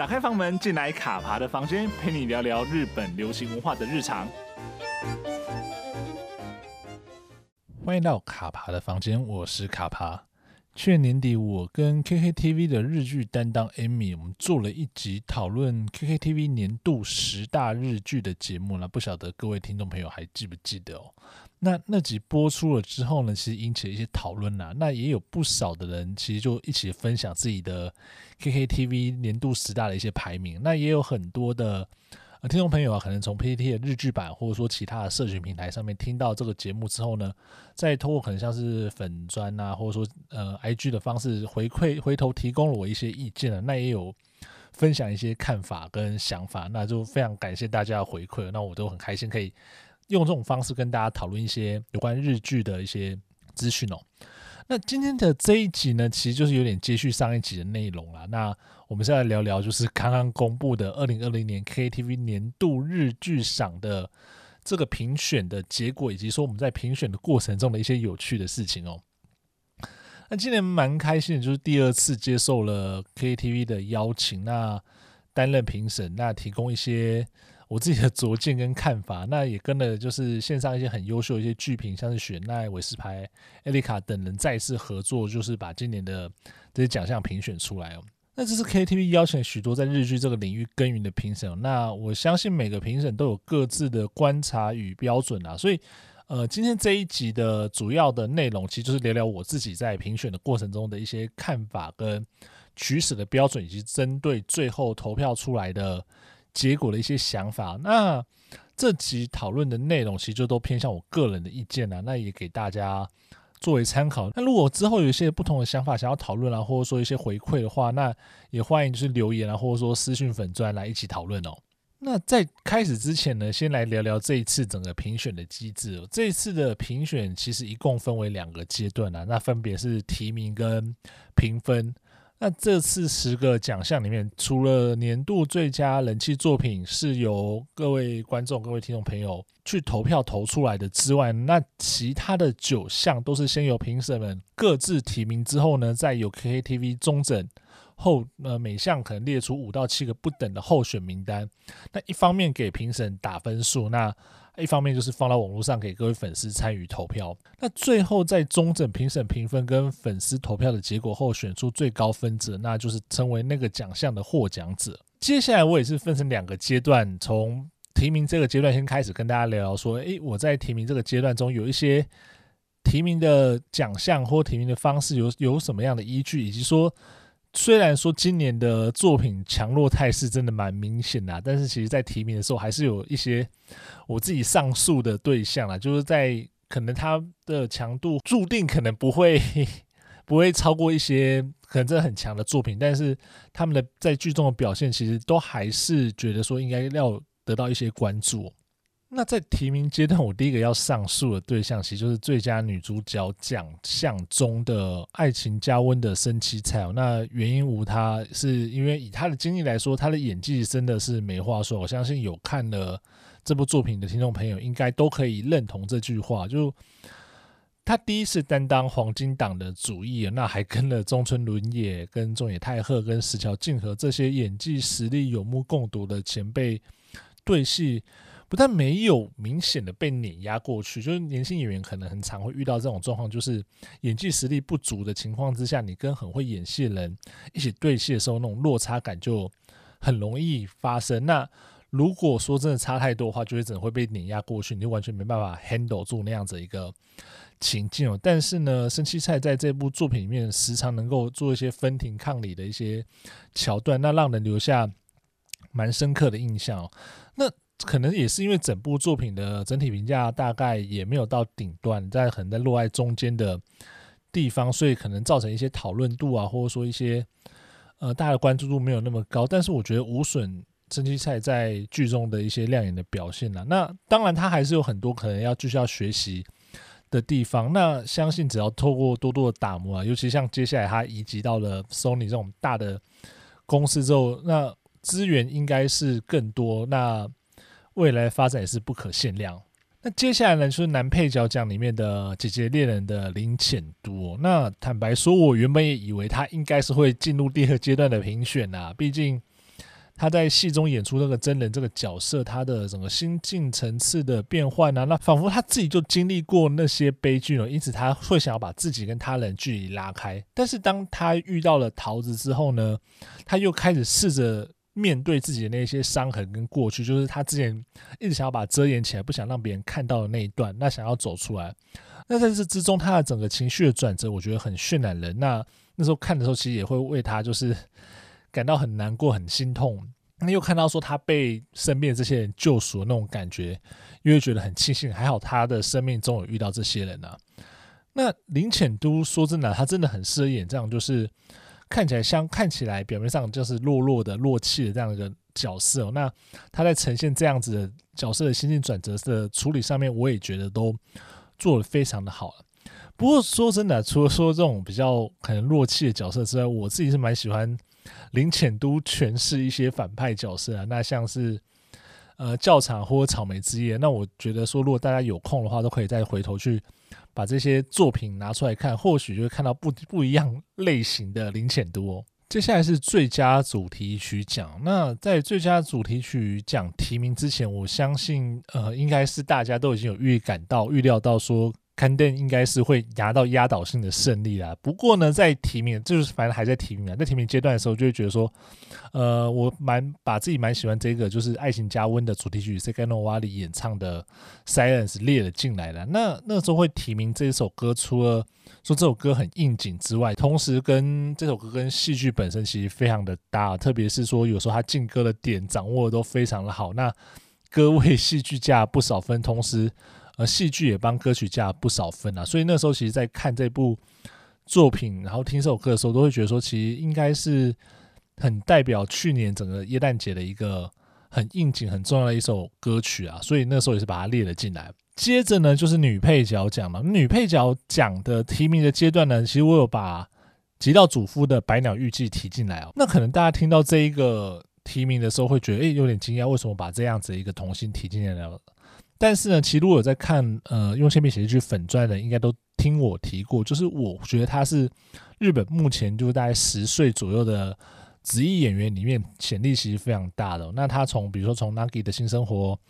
打開房門，進來卡爬的房間，陪你聊聊日本流行文化的日常。歡迎到卡爬的房間，我是卡爬。去年年底，我跟 KKTV 的日劇擔當 Amy，我們做了一集討論 KKTV 年度十大日劇的節目了，不曉得各位聽眾朋友還記不記得哦。那那集播出了之後呢，其實引起了一些討論吶。那也有不少的人，其實就一起分享自己的 KKTV 年度十大的一些排名。那也有很多的、呃、聽眾朋友啊，可能從 PTT 的日劇版，或者說其他的社群平台上面聽到這個節目之後呢，再通過可能像是粉專啊，或者說呃 IG 的方式回饋，回頭提供了我一些意見了，那也有分享一些看法跟想法，那就非常感謝大家的回饋。那我都很開心可以。用這種方式跟大家討論一些有關日劇的一些資訊哦。那今天的這一集呢，其實就是有點接續上一集的內容了。那我們現在來聊聊，就是剛剛公布的二零二零年 KKTV 年度日劇賞的這個評選的結果，以及說我們在評選的過程中的一些有趣的事情哦、喔。那今年蠻開心的，就是第二次接受了 KKTV 的邀請，那擔任評審，那提供一些。我自己的拙見跟看法，那也跟了就是線上一些很優秀的一些劇評，像是雪奈、維士牌、艾麗卡等人再次合作，就是把今年的這些獎項評選出來哦。那這是 KKTV 邀請許多在日劇這個領域耕耘的評審、哦，那我相信每個評審都有各自的觀察與標準啦、啊。所以，呃，今天這一集的主要的內容，其實就是聊聊我自己在評選的過程中的一些看法跟取舍的標準，以及針對最後投票出來的。結果的一些想法，那這集討論的內容其實就都偏向我個人的意見啦、啊，那也給大家作為參考。那如果之後有一些不同的想法想要討論啊，或者說一些回饋的話，那也歡迎就是留言啊，或者說私訊粉專來一起討論哦。那在開始之前呢，先來聊聊這一次整個評選的機制。這一次的評選其實一共分為兩個階段啊，那分別是提名跟評分。那這次十個獎項裡面，除了年度最佳人氣作品是由各位觀眾、各位聽眾朋友去投票投出來的之外，那其他的九項都是先由評審們各自提名之後呢，再由 KKTV 中整後，呃，每項可能列出五到七個不等的候選名單。那一方面給評審打分數，那。一方面就是放到網絡上給各位粉絲參與投票，那最後在終審評審評分跟粉絲投票的結果後選出最高分者，那就是成為那個獎項的獲獎者。接下來我也是分成兩個階段，從提名這個階段先開始跟大家聊聊，說誒、欸，我在提名這個階段中有一些提名的獎項或提名的方式有有什麼樣的依據，以及說。雖然說今年的作品強弱態勢真的蠻明顯的，但是其實在提名的時候還是有一些我自己上訴的對象啊，就是在可能他的強度注定可能不會 不會超過一些可能真的很強的作品，但是他們的在劇中的表現，其實都還是覺得說應該要得到一些關注。那在提名階段，我第一個要上訴的對象，其實就是最佳女主角獎項中的《愛情加溫》的森七菜哦。那原因無他，是因為以她的經歷來說，她的演技真的是沒話說。我相信有看了這部作品的聽眾朋友，應該都可以認同這句話。就她第一次擔當黃金檔的主役，哦，那還跟了中村倫也、跟中野太賀跟石橋靜河這些演技實力有目共睹的前輩對戲。不但沒有明顯的被碾壓過去，就是年輕演員可能很常會遇到這種狀況，就是演技實力不足的情況之下，你跟很會演戲的人一起對戲的時候，那種落差感就很容易發生。那如果說真的差太多的話，就會只會被碾壓過去，你就完全沒辦法 handle 住那樣子的一個情境哦。但是呢，生七菜在這部作品裡面時常能夠做一些分庭抗禮的一些橋段，那讓人留下蠻深刻的印象哦。那可能也是因為整部作品的整體評價大概也沒有到頂端，在可能在落在中間的地方，所以可能造成一些討論度啊，或者說一些呃大家的關注度沒有那麼高。但是我覺得無損森七菜在劇中的一些亮眼的表現呢，那當然他還是有很多可能要繼續要學習的地方。那相信只要透過多多的打磨啊，尤其像接下來他移籍到了 Sony 這種大的公司之後，那資源應該是更多。那未來發展也是不可限量。那接下來呢，就是男配角獎裡面的《姐姐戀人》的林遣都、哦。那坦白說，我原本也以為他應該是會進入第二階段的評選啊。畢竟他在戲中演出那個真人這個角色，他的整個心境層次的變換啊，那仿佛他自己就經歷過那些悲劇了、哦，因此他會想要把自己跟他人距離拉開。但是當他遇到了桃子之後呢，他又開始試着。面對自己的那些傷痕跟過去，就是他之前一直想要把遮掩起來，不想讓別人看到的那一段，那想要走出來。那在這之中，他的整個情緒的轉折，我覺得很渲染人。那那時候看的時候，其實也會為他就是感到很難過、很心痛。那又看到說他被身邊這些人救贖的那種感覺，又覺得很慶幸，還好他的生命中有遇到這些人啊。那林遣都說真的啊，他真的很適合演這樣，就是。看起來像看起來表面上就是弱弱的弱氣的這樣一個角色，喔，那他在呈現這樣子的角色的心境轉折的處理上面，我也覺得都做得非常的好。不過說真的，除了說這種比較可能弱氣的角色之外，我自己是蠻喜歡林遣都詮釋一些反派角色啊，那像是呃教場或草莓之夜，那我覺得說如果大家有空的話，都可以再回頭去。把這些作品拿出來看，或許就會看到不不一樣類型的林遣都哦。接下來是最佳主題曲獎，那在最佳主題曲獎提名之前，我相信呃，應該是大家都已經有預感到預料到說。肯定應該是會拿到壓倒性的勝利啦。不過呢，在提名就是反正還在提名啊，在提名階段的時候，就會覺得說，呃，我蠻把自己蠻喜歡這個就是《愛情加溫》的主題曲 SEKAI NO OWARI 演唱的《Silence》列了進來了。那那時候會提名這首歌，除了說這首歌很應景之外，同時跟這首歌跟戲劇本身其實非常的搭，特別是說有時候他進歌的點掌握的都非常的好。那歌為戲劇加不少分，同時。呃，戲劇也幫歌曲加了不少分啊，所以那時候其實在看這部作品，然後聽這首歌的時候，都會覺得說，其實應該是很代表去年整個耶誕節的一個很應景、很重要的一首歌曲啊。所以那時候也是把它列了進來。接着呢，就是女配角獎了。女配角獎的提名的階段呢，其實我有把極道主夫的《白鳥玉季》提進來哦、喔。那可能大家聽到這一個提名的時候，會覺得哎、欸、有點驚訝，為什麼把這樣子一個童星提進來了？但是呢，其實我有在看，呃，用鉛筆寫一句粉專的，應該都聽我提過。就是我覺得他是日本目前就是大概十歲左右的職業演員裡面潛力其實非常大的、哦。那他從比如說從 Nagi 的新生活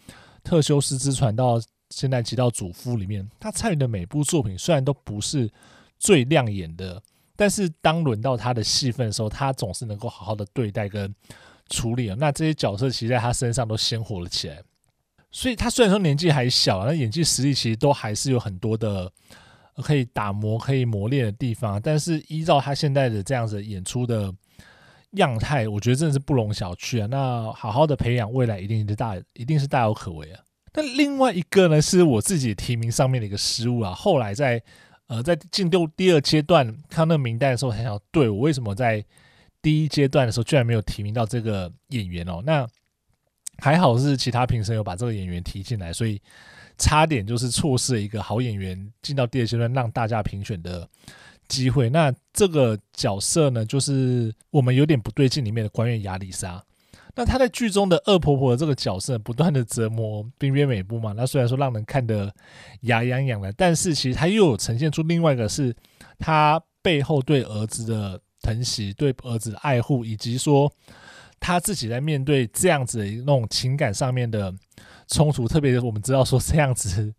特修斯之船到現在極道主夫裡面，他參與的每部作品雖然都不是最亮眼的，但是當輪到他的戲份的時候，他總是能夠好好的對待跟處理、哦。那這些角色其實在他身上都鮮活了起來。所以他雖然說年紀還小，那演技、實力其實都還是有很多的可以打磨、可以磨練的地方。但是依照他現在的這樣子演出的樣態，我覺得真的是不容小覷啊！那好好的培養，未來一定是大，一定是大有可為啊。那另外一個呢，是我自己提名上面的一個失誤啊。後來在呃，在進入第二階段看那個名單的時候，很想，想：對，我為什麼在第一階段的時候居然沒有提名到這個演員哦？那還好是其他評審有把這個演員提進來，所以差點就是錯失了一個好演員進到第二階段讓大家評選的機會。那這個角色呢，就是我們有點不對勁裡面的觀月亞里莎。那她在劇中的惡婆婆的這個角色，不斷的折磨濱邊美波嘛。那雖然說讓人看得牙癢癢的，但是其實她又有呈現出另外一個是她背後對兒子的疼惜、對兒子的愛護，以及說。他自己在面對這樣子的那種情感上面的衝突，特別我們知道說這樣子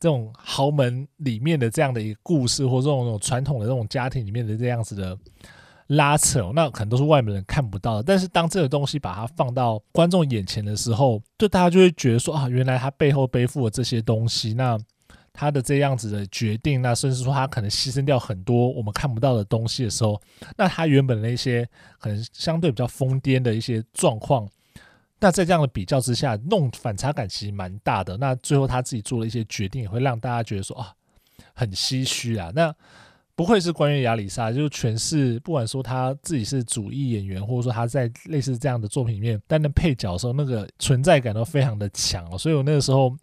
這種豪門裡面的這樣的一個故事，或這種傳統的這種家庭裡面的這樣子的拉扯、哦，那可能都是外面人看不到的。但是當這個東西把它放到觀眾眼前的時候，就大家就會覺得說啊，原來他背後背負了這些東西，那。他的這樣子的決定、啊，那甚至說他可能犧牲掉很多我們看不到的東西的時候，那他原本的一些可能相對比較瘋癲的一些狀況，那在這樣的比較之下，弄反差感其實蠻大的。那最後他自己做了一些決定，也會讓大家覺得說啊，很唏噓啊。那不愧是關於亞里莎，就是全是不管說他自己是主役演員，或者說他在類似這樣的作品裡面擔任配角的時候，那個存在感都非常的強。所以我那個時候。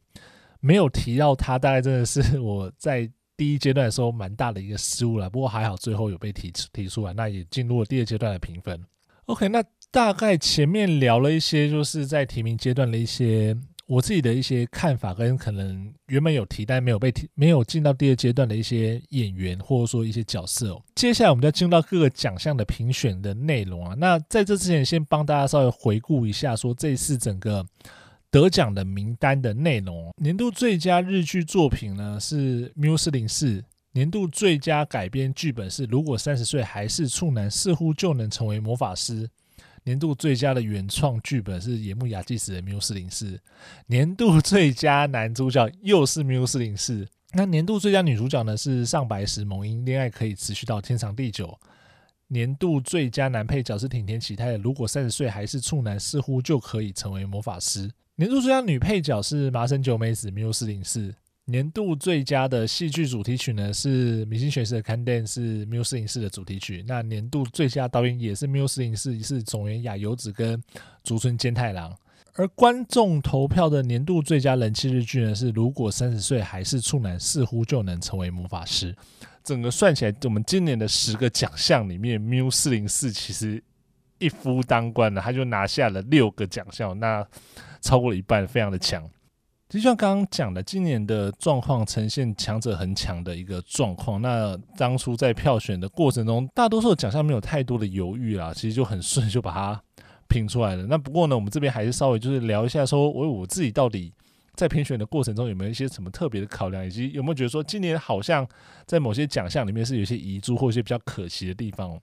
沒有提到他，大概真的是我在第一階段的時候蠻大的一個失誤了。不過還好，最後有被提提出來，那也進入了第二階段的評分。OK，那大概前面聊了一些，就是在提名階段的一些我自己的一些看法，跟可能原本有提但沒有被提、沒有進到第二階段的一些演員或者說一些角色、哦。接下來我們就要進入到各個獎項的評選的內容啊。那在這之前，先幫大家稍微回顧一下，說這次整個。得獎的名單的內容，年度最佳日劇作品呢是《MIU 四零四》，年度最佳改編劇本是《如果三十歲還是處男，似乎就能成為魔法師》，年度最佳的原創劇本是野木亞紀子的《MIU 四零四》，年度最佳男主角又是《MIU 四零四》，那年度最佳女主角呢是上白石萌音，戀愛可以持續到天長地久，年度最佳男配角是町田啟太的《如果三十歲還是處男，似乎就可以成為魔法師》。年度最佳女配角是麻生久美子，《Miu 四零四》，年度最佳的戲劇主題曲呢是米津玄師的《Kanden》，是《Miu 四零四》的主題曲。那年度最佳導演也是《Miu 四零四》，是塚原亞由子跟竹村謙太郎。而觀眾投票的年度最佳人氣日劇呢是《如果三十歲還是處男，似乎就能成為魔法師》。整個算起來，我們今年的十個獎項裡面，《Miu 四零四》其實一夫當關了，他就拿下了六個獎項，那超過一半，非常的強。其實像剛剛講的，今年的狀況呈現強者很強的一個狀況。那當初在票選的過程中，大多數獎項沒有太多的猶豫啊，其實就很順就把它評出來了。那不過呢，我們這邊還是稍微就是聊一下，說我為我自己到底在評選的過程中有沒有一些什麼特別的考量，以及有沒有覺得說今年好像在某些獎項裡面是有些遺珠或者一些比較可惜的地方。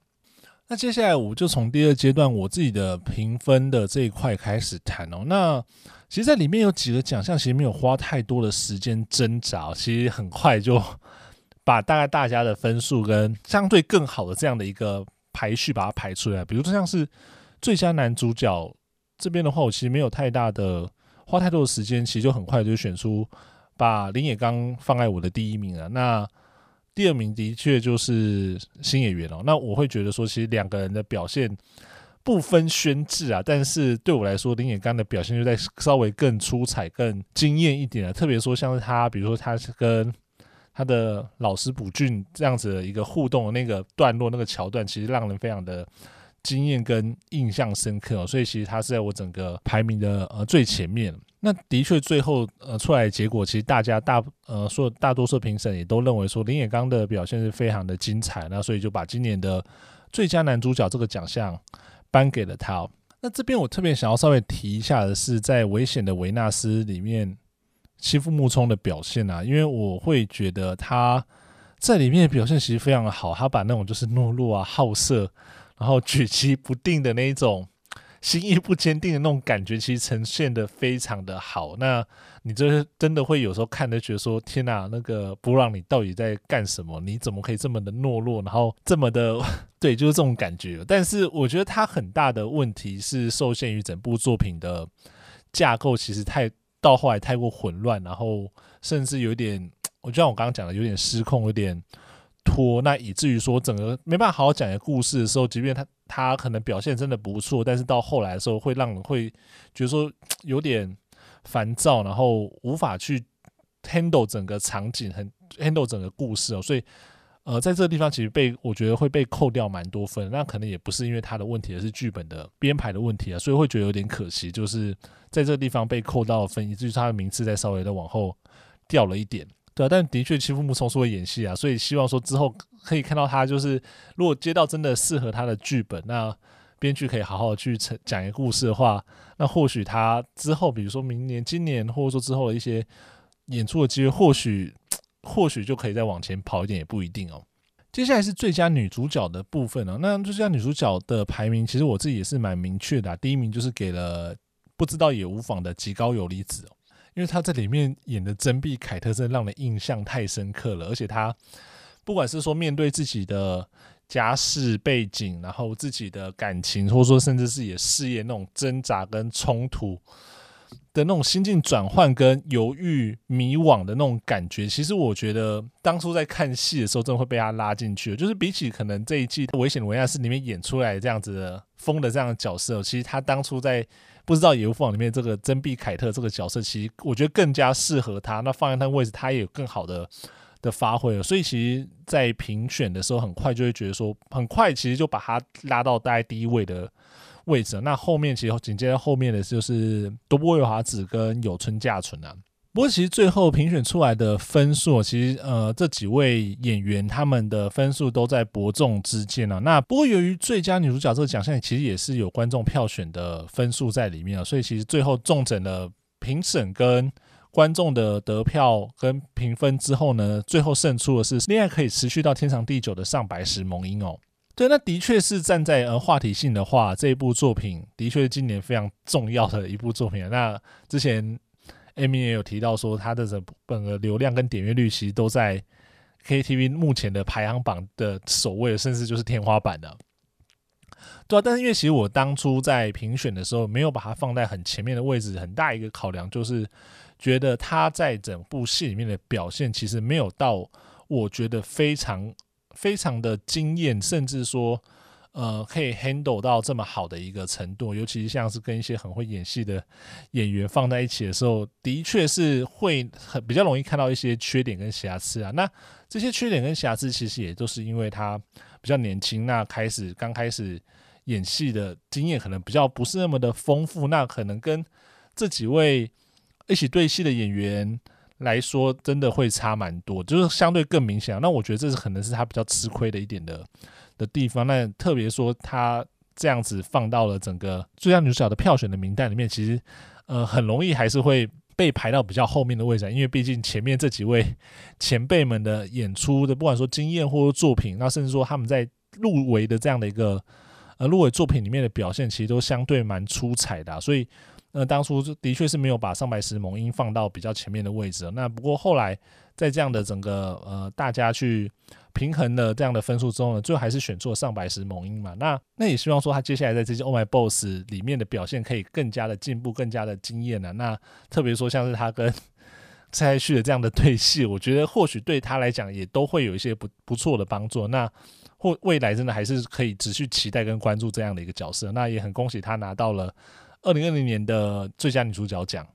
那接下來我就從第二階段我自己的評分的這一塊開始談哦。那其實，在裡面有幾個獎項，其實沒有花太多的時間掙扎，其實很快就把大概大家的分數跟相對更好的這樣的一個排序把它排出來。比如說像是最佳男主角這邊的話，我其實沒有太大的花太多的時間，其實就很快就選出把林野剛放在我的第一名了。那第二名的確就是新演員哦，那我會覺得說，其實兩個人的表現不分軒輊啊。但是對我來說，林允剛的表現就在稍微更出彩、更驚豔一點啊。特別說像是他，比如說他是跟他的老師卜俊這樣子的一個互動的那個段落、那個橋段，其實讓人非常的驚豔跟印象深刻，哦。所以其實他是在我整個排名的呃最前面。那的確，最後呃出來的結果，其實大家大呃說大多數評審也都認為說林野剛的表現是非常的精彩，那所以就把今年的最佳男主角這個獎項頒給了他，哦。那這邊我特別想要稍微提一下的是，在《危險的維納斯》裡面，妻夫木聰的表現啊，因為我會覺得他在裡面的表現其實非常的好，他把那種就是懦弱啊、好色，然後舉棋不定的那一種。心意不堅定的那種感覺，其實呈現的非常的好。那你就是真的會有時候看的覺得說：“天哪，那個布朗你到底在幹什麼？你怎麼可以這麼的懦弱？然後這麼的……對，就是這種感覺。”但是我覺得他很大的問題是受限於整部作品的架構，其實太到後來太過混亂，然後甚至有點，我就像我剛剛講的，有點失控，有點拖，那以至於說整個沒辦法好好講一個故事的時候，即便他。他可能表現真的不錯，但是到後來的時候會讓人會覺得說有點煩躁，然後無法去 handle 整個場景，很 handle 整個故事哦。所以，呃，在這個地方其實被我覺得會被扣掉蠻多分。那可能也不是因為他的問題，而是劇本的編排的問題啊。所以會覺得有點可惜，就是在這個地方被扣到分，以至於他的名次再稍微的往後掉了一點。對啊，但的確其實木松會演戲啊，所以希望說之後。可以看到，他就是如果接到真的適合他的劇本，那編劇可以好好去講一個故事的話，那或許他之後，比如說明年、今年，或者說之後的一些演出的機會，或許或許就可以再往前跑一點，也不一定哦。接下來是最佳女主角的部分啊、哦，那最佳女主角的排名，其實我自己也是蠻明確的、啊，第一名就是給了不知道也無妨的吉高由裡子、哦，因為他在裡面演的真壁凱特真的讓人的印象太深刻了，而且他。不管是說面對自己的家世背景，然後自己的感情，或者說甚至是也事業那種掙扎跟衝突的那種心境轉換跟猶豫迷惘的那種感覺，其實我覺得當初在看戲的時候，真的會被他拉進去。就是比起可能這一季《危險的維納斯》裡面演出來這樣子的瘋的這樣的角色，其實他當初在《不知道也無妨》裡面這個真壁凱特這個角色，其實我覺得更加適合他。那放在他位置，他也有更好的的發揮了，所以其實在評選的時候，很快就會覺得說，很快其實就把他拉到大概第一位的位置。那後面其實緊接着後面的就是多部未華子跟有村架純啊。不過其實最後評選出來的分數，其實呃這幾位演員他們的分數都在伯仲之間了。那不過由於最佳女主角這個獎項其實也是有觀眾票選的分數在裡面啊，所以其實最後重整了評審跟觀眾的得票跟評分之後呢，最後勝出的是《戀愛可以持續到天長地久》的上白石萌音哦。對，那的確是站在呃話題性的話，這一部作品的確是今年非常重要的一部作品啊。那之前 Amy 也有提到說，它的整個流量跟點閱率其實都在 KKTV 目前的排行榜的首位，甚至就是天花板的啊。對啊，但是因為其實我當初在評選的時候沒有把它放在很前面的位置，很大一個考量就是。覺得他在整部戲裡面的表現，其實沒有到我覺得非常非常的驚艷，甚至說，呃，可以 handle 到這麼好的一個程度。尤其是像是跟一些很會演戲的演員放在一起的時候，的確是會很比較容易看到一些缺點跟瑕疵啊。那這些缺點跟瑕疵，其實也都是因為他比較年輕，那開始剛開始演戲的經驗可能比較不是那麼的豐富，那可能跟這幾位。一起對戲的演員來說，真的會差蠻多，就是相對更明顯，啊。那我覺得這是可能是他比較吃虧的一點的的地方。那特別說他這樣子放到了整個最佳女主角的票選的名單裡面，其實呃很容易還是會被排到比較後面的位置，因為畢竟前面這幾位前輩們的演出的，不管說經驗或者作品，那甚至說他們在入圍的這樣的一個呃入圍作品裡面的表現，其實都相對蠻出彩的，啊，所以。那、呃、當初的確是沒有把上白石萌音放到比較前面的位置了。那不過後來在這樣的整個呃大家去平衡了這樣的分數之後呢，最後還是選出了上白石萌音嘛。那那也希望說他接下來在這些《Oh My Boss》裡面的表現可以更加的進步，更加的驚艷啊。那特別說像是他跟蔡旭的這樣的對戲，我覺得或許對他來講也都會有一些不不錯的幫助。那或未來真的還是可以持續期待跟關注這樣的一個角色。那也很恭喜他拿到了二零二零年的最佳女主角獎，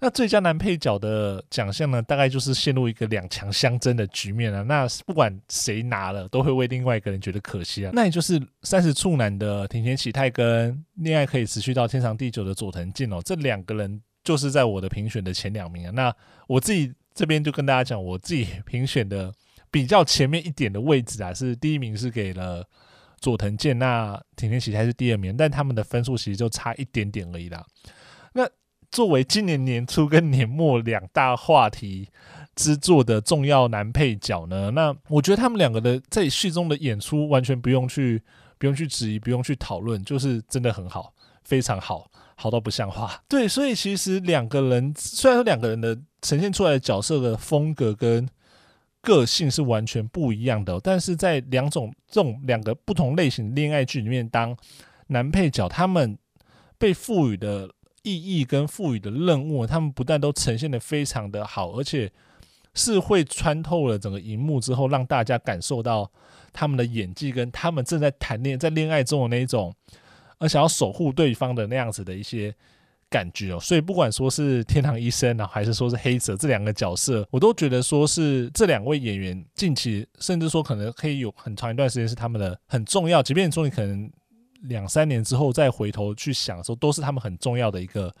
那最佳男配角的獎項呢，大概就是陷入一個兩強相爭的局面了、啊。那不管誰拿了，都會為另外一個人覺得可惜啊。那也就是三十處男的町田啟太跟戀愛可以持續到天長地久的佐藤健哦，這兩個人就是在我的評選的前兩名啊。那我自己這邊就跟大家講，我自己評選的比較前面一點的位置啊，是第一名是給了。佐藤健，那田田其實還是第二名，但他們的分數其實就差一點點而已啦。那作為今年年初跟年末兩大話題之作的重要男配角呢，那我覺得他們兩個的在戲中的演出，完全不用去不用去質疑，不用去討論，就是真的很好，非常好，好到不像話。對，所以其實兩個人雖然說兩個人的呈現出來的角色的風格跟。個性是完全不一樣的，但是在兩種這種兩個不同類型的戀愛劇裡面當男配角，他們被賦予的意義跟賦予的任務，他們不但都呈現得非常的好，而且是會穿透了整個熒幕之後，讓大家感受到他們的演技跟他們正在談戀愛、在戀愛中的那一種，而想要守護對方的那樣子的一些。感覺哦、喔，所以不管說是天堂醫生呢，還是說是黑澤這兩個角色，我都覺得說是這兩位演員近期，甚至說可能可以有很長一段時間是他們的很重要。即便說你可能。兩三年之後再回頭去想的時候，都是他們很重要的一個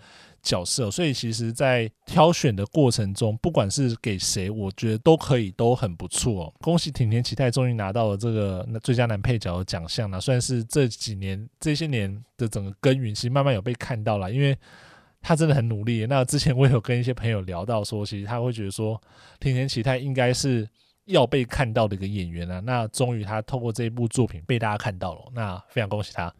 角色。喔，所以其實，在挑選的過程中，不管是給誰，我覺得都可以，都很不錯。喔。恭喜町田啟太終於拿到了這個最佳男配角的獎項了，算是這幾年、這些年的整個耕耘，其實慢慢有被看到了，因為他真的很努力。欸。那之前我有跟一些朋友聊到說，其實他會覺得說，町田啟太應該是。要被看到的一個演員啊，那終於他透過這一部作品被大家看到了、哦，那非常恭喜他。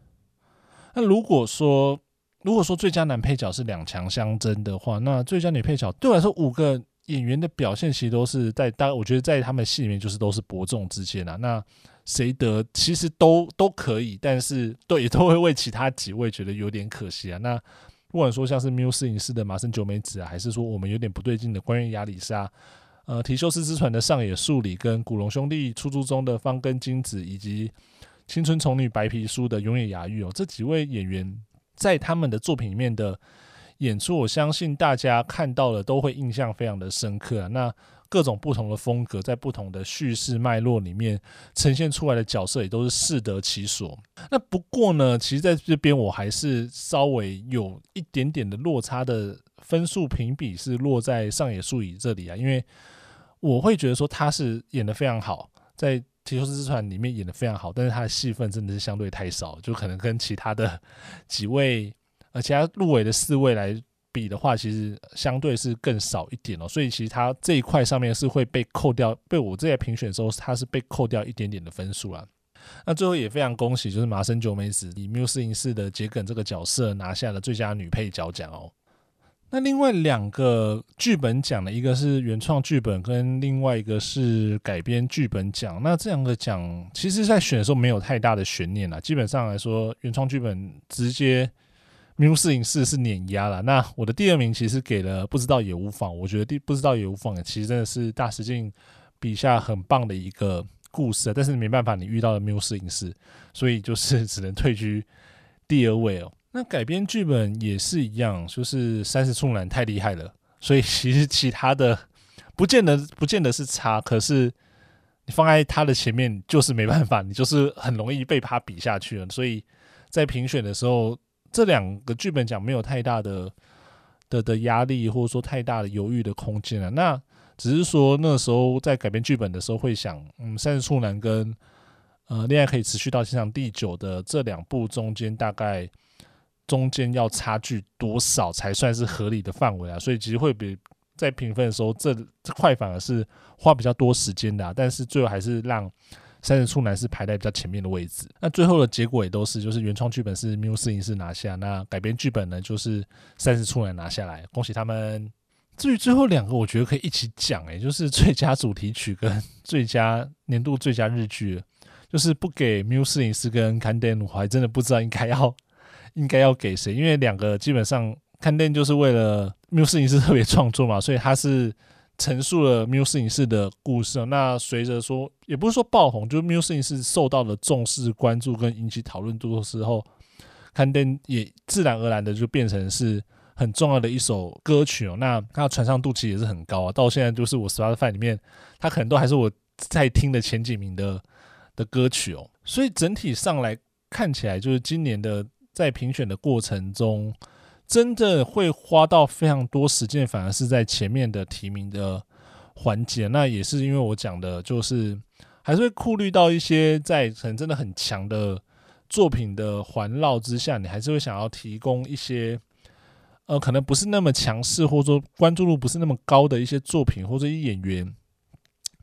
那如果說如果說最佳男配角是兩強相爭的話，那最佳女配角對我來說五個演員的表現其實都是在當。我覺得在他們戲裡面就是都是伯仲之間啊。那誰得其實都都可以，但是對也都會為其他幾位覺得有點可惜啊。那不管說像是 MIU404 的麻生久美子啊，還是說我們有點不對勁的觀月亞里沙。呃，《提修斯之船》的上野樹裡，跟《古龍兄弟》出租中的芳根京子，以及《青春寵女白皮書》的永野芽郁哦，這幾位演員在他們的作品裡面的演出，我相信大家看到了都會印象非常的深刻啊。那各種不同的風格，在不同的敘事脈絡裡面呈現出來的角色，也都是適得其所。那不過呢，其實在這邊我還是稍微有一點點的落差的分數評比是落在上野樹裡這裡啊，因為。我會覺得說他是演得非常好，在《忒修斯之船》裡面演得非常好，但是他的戲份真的是相對太少，就可能跟其他的幾位，而其他入圍的四位來比的話，其實相對是更少一點哦。所以其實他這一塊上面是會被扣掉，被我這邊評選的時候他是被扣掉一點點的分數啦。那最後也非常恭喜，就是麻生久美子以《MIU404》的桔梗這個角色拿下了最佳女配角獎哦。那另外兩個劇本獎的一個是原創劇本，跟另外一個是改編劇本獎。那這兩個獎，其實在選的時候沒有太大的懸念啦。基本上來說，原創劇本直接繆斯影視是碾壓啦。那我的第二名其實給了不知道也無妨，我覺得第不知道也無妨，其實真的是大石靜筆下很棒的一個故事。但是沒辦法，你遇到了繆斯影視，所以就是只能退居第二位哦、喔。那改編劇本也是一樣，就是《三十處男》太厲害了，所以其實其他的不見得不見得是差，可是你放在他的前面就是沒辦法，你就是很容易被他比下去了。所以在評選的時候，這兩個劇本獎沒有太大的的的壓力，或者說太大的猶豫的空間了。那只是說那時候在改編劇本的時候會想，嗯，《三十處男》跟呃，戀愛可以持續到天長地久的這兩部中間大概中間要差距多少才算是合理的範圍啊？所以其實會比在評分的時候，這這塊反而是花比較多時間的啊。但是最後還是讓三十處男是排在比較前面的位置。那最後的結果也都是，就是原創劇本是 MIU404 拿下，那改編劇本呢，就是三十處男拿下來，恭喜他們。至於最後兩個，我覺得可以一起講，哎，就是最佳主題曲跟最佳年度最佳日劇，就是不給 MIU404 跟感電，我還真的不知道應該要。應該要給誰？因為兩個基本上 k e n d 就是為了 Muse 影視特別創作嘛，所以他是陳述了 Muse 影視的故事，喔。那隨着說，也不是說爆紅，就 Muse 影視受到了重視、關注跟引起討論度的時候 k e n d 也自然而然的就變成是很重要的一首歌曲哦，喔。那它傳唱度其實也是很高啊，到現在就是我 Spotify 裡面，它可能都還是我在聽的前幾名的的歌曲哦，喔。所以整體上來看起來，就是今年的。在評選的過程中，真的會花到非常多時間，反而是在前面的提名的環節。那也是因為我講的，就是還是會顧慮到一些在可能真的很強的作品的環繞之下，你還是會想要提供一些，呃，可能不是那麼強勢，或者說關注度不是那麼高的一些作品或者演員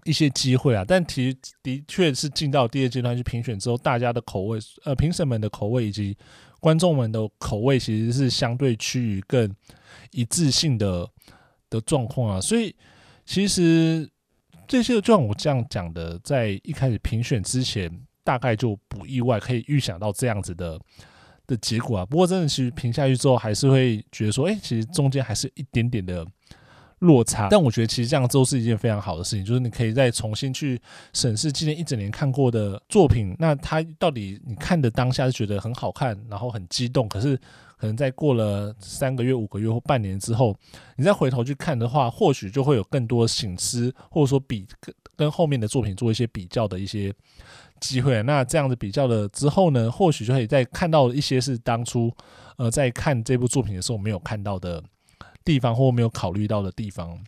一些機會啊。但提的確是進到第二階段去評選之後，大家的口味，呃，評審們的口味以及。觀眾們的口味其實是相對趨於更一致性的的狀況啊，所以其實這些就像我這樣講的，在一開始評選之前，大概就不意外可以預想到這樣子的的結果啊。不過，真的是評下去之後，還是會覺得說，哎，其實中間還是一點點的落差，但我覺得其實這樣都是一件非常好的事情，就是你可以再重新去審視今年一整年看過的作品，那它到底你看的當下是覺得很好看，然後很激動，可是可能在過了三個月、五個月或半年之後，你再回頭去看的話，或許就會有更多省思，或者說比跟後面的作品做一些比較的一些機會，啊。那這樣子比較了之後呢，或許就可以再看到一些是當初呃在看這部作品的時候沒有看到的，地方，或沒有考慮到的地方，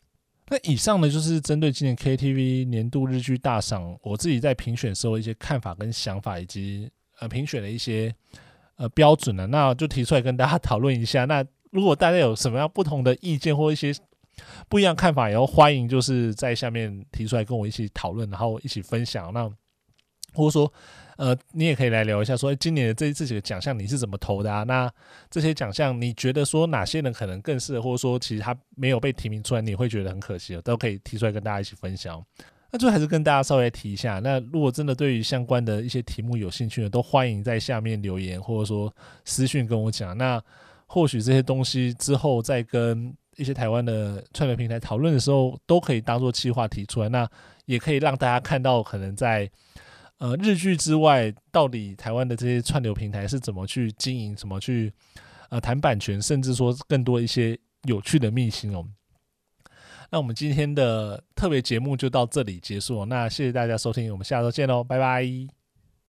那以上呢，就是針對今年 KKTV 年度日劇大賞，我自己在評選的時候一些看法跟想法，以及呃評選的一些呃標準呢，那就提出來跟大家討論一下。那如果大家有什麼樣不同的意見或一些不一樣的看法，然後歡迎就是在下面提出來跟我一起討論，然後一起分享。那或者說，呃，你也可以來聊一下說，說、欸、今年的這一次幾個獎項，你是怎麼投的啊？那這些獎項，你覺得說哪些人可能更適合，或者說其實他沒有被提名出來，你會覺得很可惜，哦，都可以提出來跟大家一起分享，哦。那最後還是跟大家稍微提一下，那如果真的對於相關的一些題目有興趣的，都歡迎在下面留言，或者說私訊跟我講。那或許這些東西之後再跟一些台灣的串流平台討論的時候，都可以當做企劃提出來，那也可以讓大家看到可能在。呃，日劇之外，到底台灣的這些串流平台是怎麼去經營，怎麼去呃談版權，甚至說更多一些有趣的秘辛哦。那我們今天的特別節目就到這裡結束哦。那謝謝大家收聽，我們下週見嘍，拜拜。